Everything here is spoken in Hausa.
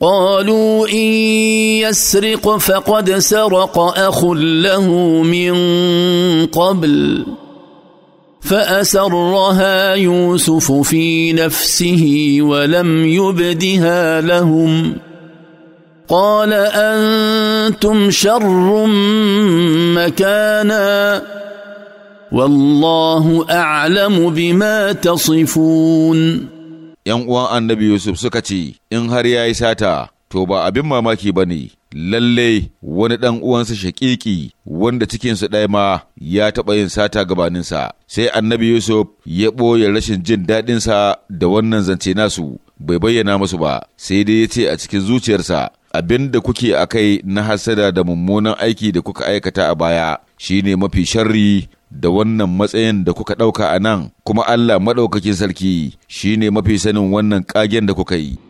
قالوا ان يسرق فقد سرق اخ له من قبل فاسرها يوسف في نفسه ولم يبدها لهم قال انتم شر مكانا والله اعلم بما تصفون ‘yan uwan annabi Yusuf suka ce, In har ya yi sata, to ba abin mamaki ba ne, lalle wani ɗan uwansa shaƙiƙi wanda cikinsu ɗaya ma ya taɓa yin sata gabaninsa, sai annabi Yusuf ya ɓoye rashin jin daɗinsa da wannan zance nasu, bai bayyana musu ba, sai dai ya ce a cikin zuciyarsa, abin da kuke a kai na hasada da mummunan aiki da kuka aikata a baya shine mafi sharri da wannan matsayin da kuka ɗauka a nan, kuma Allah maɗaukakin sarki shi ne mafi sanin wannan ƙagen da kuka yi.